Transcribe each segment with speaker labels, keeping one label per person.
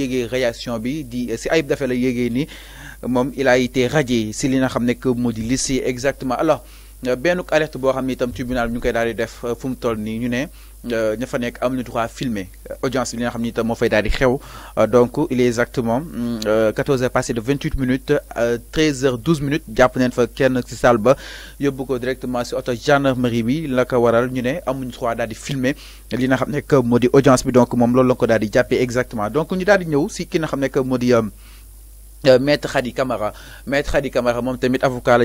Speaker 1: yégué réaction bi di si Ayib dafa la yégué ni mom il a été radié si li nga xam ne que modi di lycée exactement alors benn alerte boo xam ne itam tribunal ñu koy daal di def euh, fu mu toll nii ñu ne euh, ña fa nekk am droit filmer euh, audience bi li nga xam ne itam moo fay daal xew donc il est exactement 14 heures passé de 28 minutes 13 h 12 minutes jàpp neen fa kenn ci salle ba yóbbu ko directement ci oto gendarmerie bi la ko waral ñu ne amuñu droit daal di filmer li nga xam ne moo di audience bi donc moom loolu la ko daal di exactement donc ñu daal di ñëw ci ki nga xam ne moo euh, maître Khady Camara maître Khady Camara mom tamit avocat la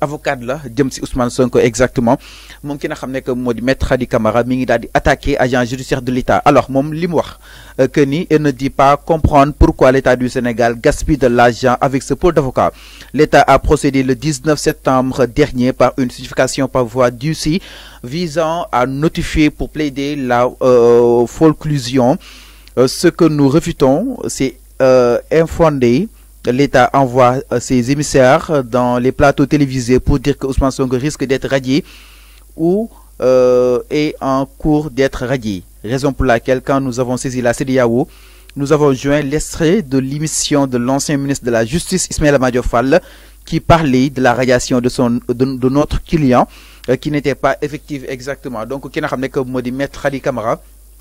Speaker 1: avocat la jëm Ousmane Sonko exactement mom ki n'a xamne que maître Khady Kamara mi ngi agent judiciaire de l'État alors mom lim wax euh, que ne dit pas comprendre pourquoi l'État du Sénégal gaspille de l'argent avec ce pôle d'avocat l'État a procédé le 19 septembre dernier par une certification par voie d'huissier visant à notifier pour plaider la euh, folclusion ce que nous refutons c'est infondé L'État envoie euh, ses émissaires euh, dans les plateaux télévisés pour dire que Ousmane risque d'être radié ou euh, est en cours d'être radié. Raison pour laquelle, quand nous avons saisi la CDAO, nous avons joint l'extrait de l'émission de l'ancien ministre de la Justice, Ismaël Fall, qui parlait de la radiation de, notre client, qui n'était pas effective exactement. Donc, qui n'a pas que Maître Kamara,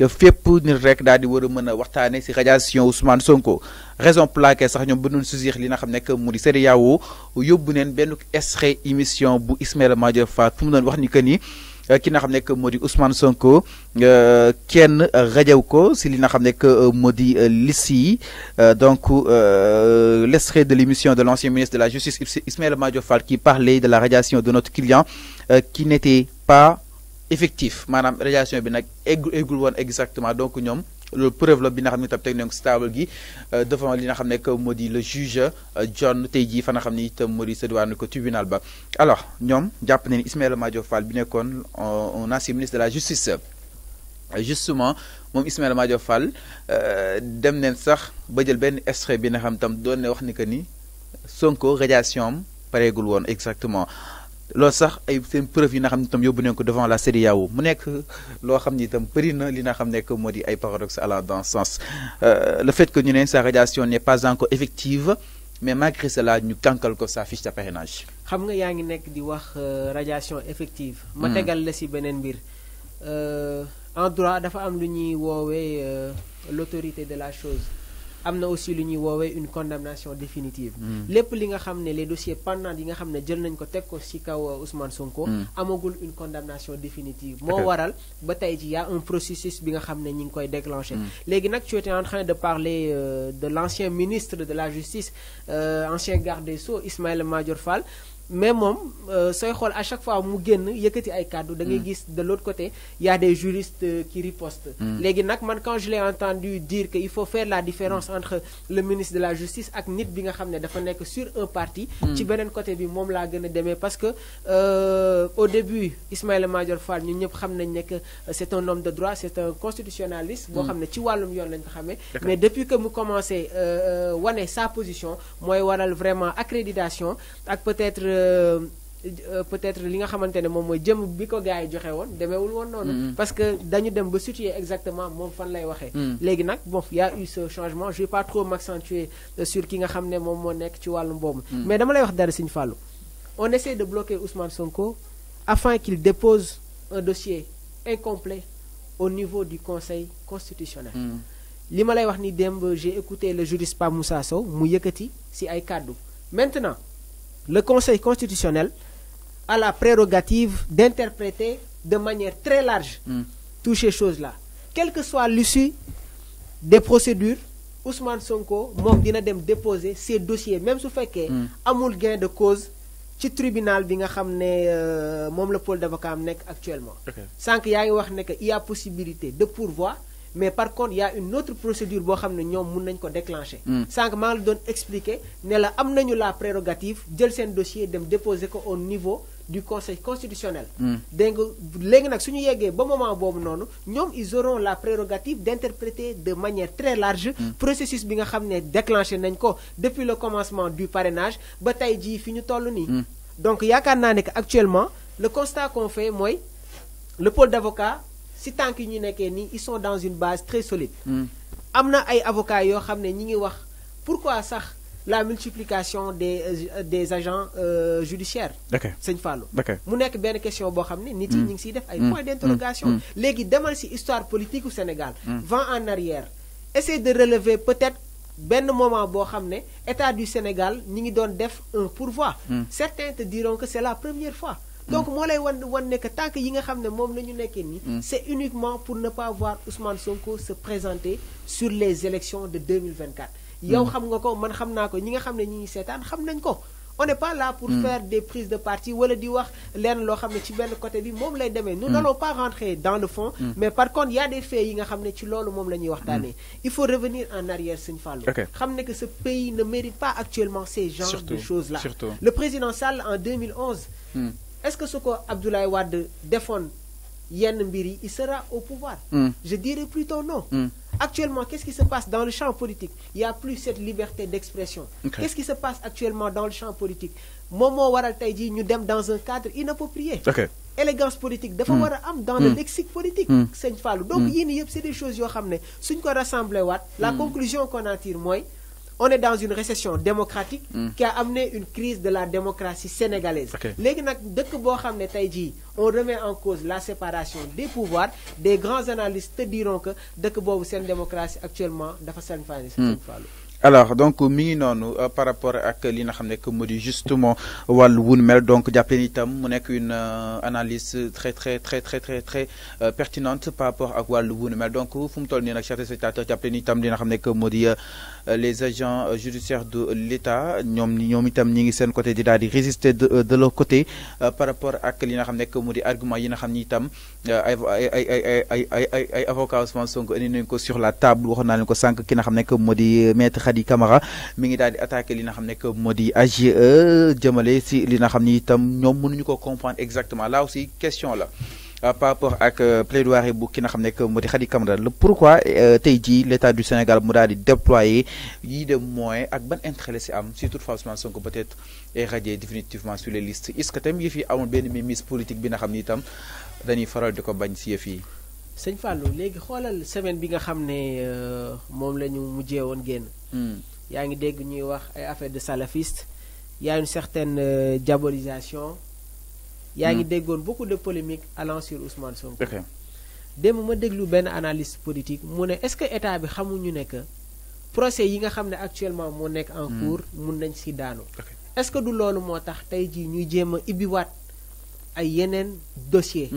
Speaker 1: le fépp rek di Ousmane Sonko raison pour laquelle sax ñoom li nga xam que mu di e e yóbbu émission bu doon wax ni que ni euh, ki Ousmane Sonko euh, kenn rajaw ko si li nga xam euh, donc l'extrait de l'émission de l'ancien ministre de la justice Ismaël qui parlait de la radiation de notre client qui n'était pas effectif manam radiation bi nak egul eggul exactement donc ñom le preuve la bi nga xamni ne itam teg stable gi euh, devant li nga xam que le juge euh, John Tayji fa nga xamni tam itam moo di ko tribunal ba alors ñom japp nañu Ismaël Madior Fall bi nekkoon euh, un ancien ministre de la justice justement mom Ismaël Madior Fall dem neen sax ba jël ben extrait bi nga xam tam doon wax ni que ni Sonko radiation par pareegul exactement loolu sax ay seen preuve yi devant la mu na paradoxe dans euh, le fait que ñu sa radiation n'est pas encore effective mais malgré cela nous kànkal ko sa fiche de
Speaker 2: xam nga euh, radiation effective. Hmm. ma tegal la si euh, en droit dafa am lu l'autorité de la chose amna aussi lu ñuy woowee une condamnation définitive hmm. lépp li nga xam les dossiers pendants yi nga xam ne jël nañ ko teg ko ci kaw euh, Ousmane Sonko hmm. amagul une condamnation définitive moo waral ba tey ji un processus bi nga xam ne koy déclenché hmm. léegi nag tu étais en train de parler euh, de l'ancien ministre de la justice euh, ancien garde des Sceaux ismaël Madior Fall mais moom euh, soy xool à chaque fois mu guen yëkëti ay kàddu. da ngay mm. gis de l'autre côté il y a des juristes euh, qui ripostent. Mm. légui nak man quand je l'ai entendu dire que il faut faire la différence mm. entre le ministre de la justice ak nit bi nga xamné ne dafa nek sur un parti. ci benen côté bi moom l'a gëna démé parce que euh, au début ismaël Madior Fall ñun ñëpp xam nek c'est un homme de droit c'est un constitutionnaliste. bo xamné ci walum yoon lañ xamé mais depuis que mu commencé wané sa position moy waral vraiment accréditation ak peut-être. Euh, euh, peut-être li nga xamante ne moom mooy jëm bi ko gars yi joxe woon demeewul woon noonu. Mm-hmm. parce que dañu dem ba situer exactement moom fan lay waxee. Mm. léegi nag bon y' a eu ce changement je vais pas trop accentuer euh, sur ki nga xam ne moom moo nekk ci wàllu mboobu. Mm. mais dama lay wax dara Serigne Fallou. on essaie de bloquer Ousmane Sonko afin qu'il dépose un dossier incomplet au niveau du Conseil constitutionnel. Mm. li ma lay wax ni démb j'ai écouté le juriste Pape Moussa Sow mu yëkkati si ay kàddu maintenant le Conseil constitutionnel a la prérogative d'interpréter de manière très large hmm. toutes ces choses-là. Quelle que soit l'issue des procédures, Ousmane Sonko m'a dina dem déposer ces dossiers même su que hmm. amul gain de cause le tribunal bi nga le euh, pôle d'avocat actuellement. Sans qu'il y ne y a possibilité de pourvoir mais par contre il y a une autre procédure bo xam ne ñoom nañ ko déclencher. Hmm. sànq maa la expliquer ne la am la prérogative jël un dossier dem déposer ko au niveau du conseil constitutionnel. Hmm. Donc, si léegi nag su moment bobu non ñom ils auront la prérogative d'interpréter de manière très large. Hmm. processus bi nga déclenché nañ depuis le commencement du parrainage ba tay ji fi ñu ni donc yakarna actuellement le constat qu'on fait moy le pôle d'avocat si tant qu'ils ñu nekké ni, ils sont dans une base très solide. Hmm. Amna ay avocats yo xamné ñi ngi wax pourquoi sax la multiplication des euh, des agents euh, judiciaires. C'est une Fallou. mu nekk benn question bo xamné nit yi hmm. ñu ngi def ay hmm. point d'interrogation. légui demal si histoire politique au Sénégal. vent en arrière. essayer de relever peut-être. ben moment bo xamné état du Sénégal ñi ngi doon def un pourvoi. certains te diront que c'est la première fois donc moo lay wan wan nekk que yi nga xam ne moom la ñu nekkee nii. Mm. c'est uniquement pour ne pas voir Ousmane Sonko se présenter sur les élections de 2024. Mm. yow xam nga ko man xam naa ko ñi nga xam ne ñi ngi seetaan xam nañ ko. on n'est pas là pour mm. faire des prises de parti wala di wax lenn loo xam ne ci benn côté bi moom lay demee nous n'allons pas rentrer dans le fond mais par contre il y a des faits yi nga xam ne ci loolu moom la ñuy il faut revenir en arrière Sëñ Fallou xam ne que ce pays ne mérite pas actuellement ces genres de choses là surtout. le président Sall en 2011 est-ce que ce qu'Abdoulaye Abdoulaye Wade défend Yann Mbiri, il sera au pouvoir hmm. Je dirais plutôt non. Hmm. Actuellement, qu'est-ce qui se passe dans le champ politique Il n'y a plus cette liberté d'expression. Qu'est-ce qui se passe actuellement dans le champ politique Momo Waral Taïdi, nous sommes dans un cadre inapproprié. Élégance politique, dafa hmm. war am dans le lexique politique. donc il y a c'est des choses qui xam ne suñ ko rassemblé la conclusion qu'on en tire moi, on est dans une récession démocratique hmm. qui a amené une crise de la démocratie sénégalaise Dès que on remet en cause la séparation des pouvoirs des grands analystes te diront que vous une une démocratie actuellement
Speaker 1: alors donc mi ngi euh, par rapport ak li nga xam ne justement wal wun mel donc jàpp leen itam mu nekk une euh, analyse très très très très très très euh, pertinente par rapport ak wal wun mel donc fu mu toll nii nag chers spectateurs jàpp leen itam li nga les agents judiciaires de l'État ni ñom itam ñi ngi sen côté di daal di résister de de leur côté par rapport ak li nga xam ne argument yi nga xamni tam ay ay ay ay ay avocats avocat Ousmane Sonko ko sur la table wax na leen ko sank ki nga xam ne maître Camara mi ngi a di attaqué li nga xamné que modi di AGE si li nga xamni tam ñom ñoom ko comprendre exactement là aussi question là euh, par rapport à euh, plaidoirie bu ki nga xam que moo di Camara pourquoi euh, tey jii l'état du Sénégal mu déployé di de moyens ak ban intérêts si am si toutefois Sonko peut être est définitivement sur les listes est ce que tamit yëf yi amul mise politique bi nga xam ni itam dañuy faral di si
Speaker 2: Seigne Fallou légui xolal semaine bi nga xamné ne euh, moom la ñu mujjee woon génn. Hmm. yaa ngi dégg ñuy wax ay affaire de salafiste y une certaine euh, diabolisation. yaa ngi hmm. déggoon beaucoup de polémique allant sur Ousmane Sonko. démb ma déglu benn analyste politique mu ne est-ce que état bi xamuñu ñu que procès yi nga xam ne actuellement moo nekk en hmm. cours mun nañ si daanu. est-ce que du loolu moo tax tey jii ñuy jéem a ibbiwaat ay yeneen dossier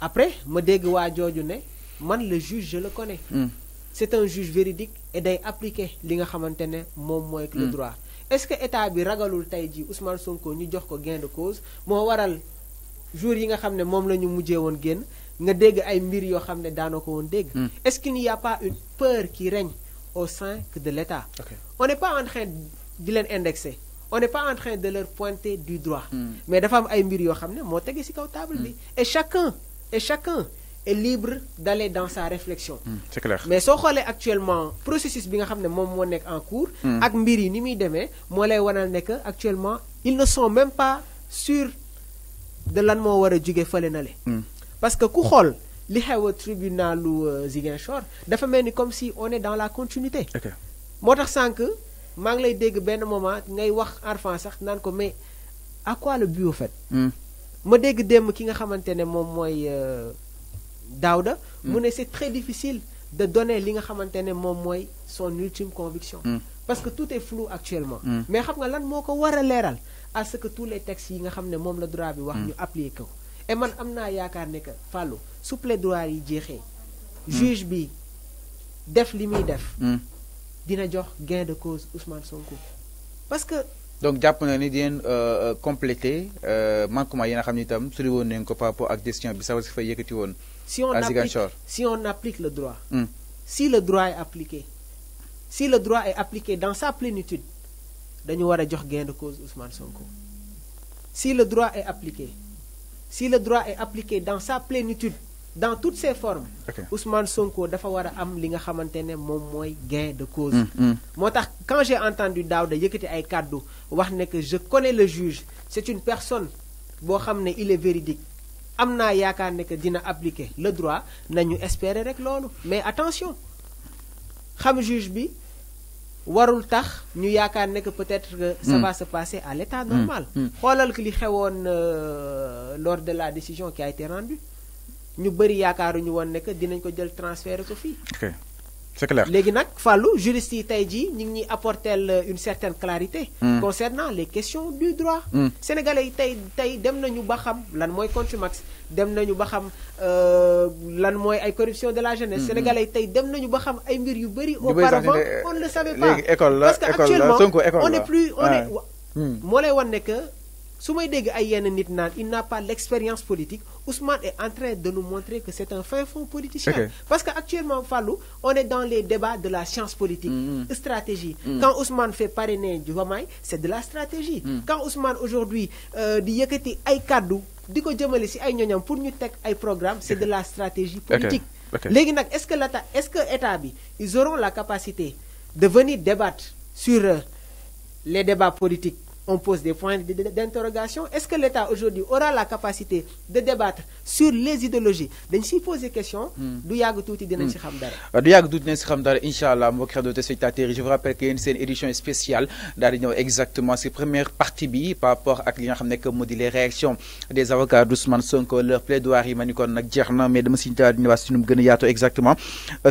Speaker 2: après ma dégg wa jooju ne man le juge je le connais. Hmm. c'est un juge véridique et day appliquer li nga xamantene mom moy le hmm. droit est-ce que état bi ragalul tey jii Ousmane Sonko ñu jox ko gain de cause mo waral jour yi nga xamne mom lañu la ñu mujjee nga dégg ay mbir yo xamne ne won dégg. Hmm. est-ce qu'il n'y a pas une peur qui règne au sein que de l'État. on n'est pas en train de les indexer. on n'est pas en train de leur pointer du droit. mais dafa am ay mbir yo xamne mo moo ci kaw table bi et chacun et chacun est libre d'aller dans sa réflexion. Hmm, c'est clair mais soo xoolee actuellement processus bi nga xam ne en cours. Hmm. ak mbir ni mi demee actuellement ils ne sont même pas sûrs de lan mo wara a jóge hmm. parce que ku xool li xew a tribunalu euh, Ziguinchor dafa melni comme si on est dans la continuité. moo tax sànq maa lay dégg ben moment ngay wax arfan sax nan ko mais à quoi le but au fait ma dégg démb ki nga xamante ne moom euh, hmm. c'est très difficile de donner li nga xamante ne moom son ultime conviction. Hmm. parce que tout est flou actuellement. Hmm. mais xam nga lan moo a à ce que tous les textes yi nga xam ne la droit bi appliquer et man am naa yaakaar ne que Fallou yi juge bi def li muy def. dina jox gain de cause Ousmane Sonko parce que
Speaker 1: donc jàpp na ni di compléter. Euh, euh, complété euh, manquement yi nga xam ne itam suri woon nañ ko par rapport ak décision bi sawa si fa yëkkati woon
Speaker 2: si on applique si on applique le droit hmm. si le droit est appliqué si le droit est appliqué dans sa plénitude dañu wara jox gain de cause Ousmane Sonko si le droit est appliqué si le droit est appliqué dans sa plénitude dans toutes ses formes Ousmane Sonko dafa wara am li nga xamantene mom moy gain de cause mm, mm. quand j'ai entendu Daouda yëkkati ay kàddu wax que je connais le juge c'est une personne bo il est véridique amna naa yaakaar ne que dina appliquer le droit nañu espérer rek lolu mais attention xam juge bi warul tax ñu yaakaar ne que peut-être que ça mm. va se passer à l'état normal xoolal que li xewoon euh, lors de la décision qui a été rendue ñu bëri ñu woon ne que dinañ ko jël transfert ko c'est clair. léegi nag Fallou juriste yi tey jii une certaine clarté. Hmm. concernant les questions du droit. sénégalais yi tey dem nañu ba lan lan corruption de la jeunesse. sénégalais yi dem nañu ba ay mbir yu on ne savait pas est plus su il n'a pas l'expérience politique. Ousmane est en train de nous montrer que c'est un fin fond politicien. Parce qu'actuellement, Fallou, on est dans les débats de la science politique, mm, mm. stratégie. Mm. Quand Ousmane fait parrainer du c'est de la stratégie. Quand Ousmane aujourd'hui dit dit que pour nous tech un programme, c'est de la stratégie politique. Est-ce que l'État, est-ce que ils auront la capacité de venir débattre sur euh, les débats politiques on pose des points d'interrogation. Est-ce que l'État aujourd'hui aura la capacité de débattre sur les idéologies Ben poser question. du si xam dara. du yàgg tuuti dinañ si hmm.
Speaker 1: xam euh, allah de je vous rappelle que c'est une édition spéciale daal exactement ces première partie bi par rapport à li nga xam que les réactions des avocats d'Ousmane Sonko leur plaidoirie Manu ni kon mais dama si daal di si nu exactement. Euh,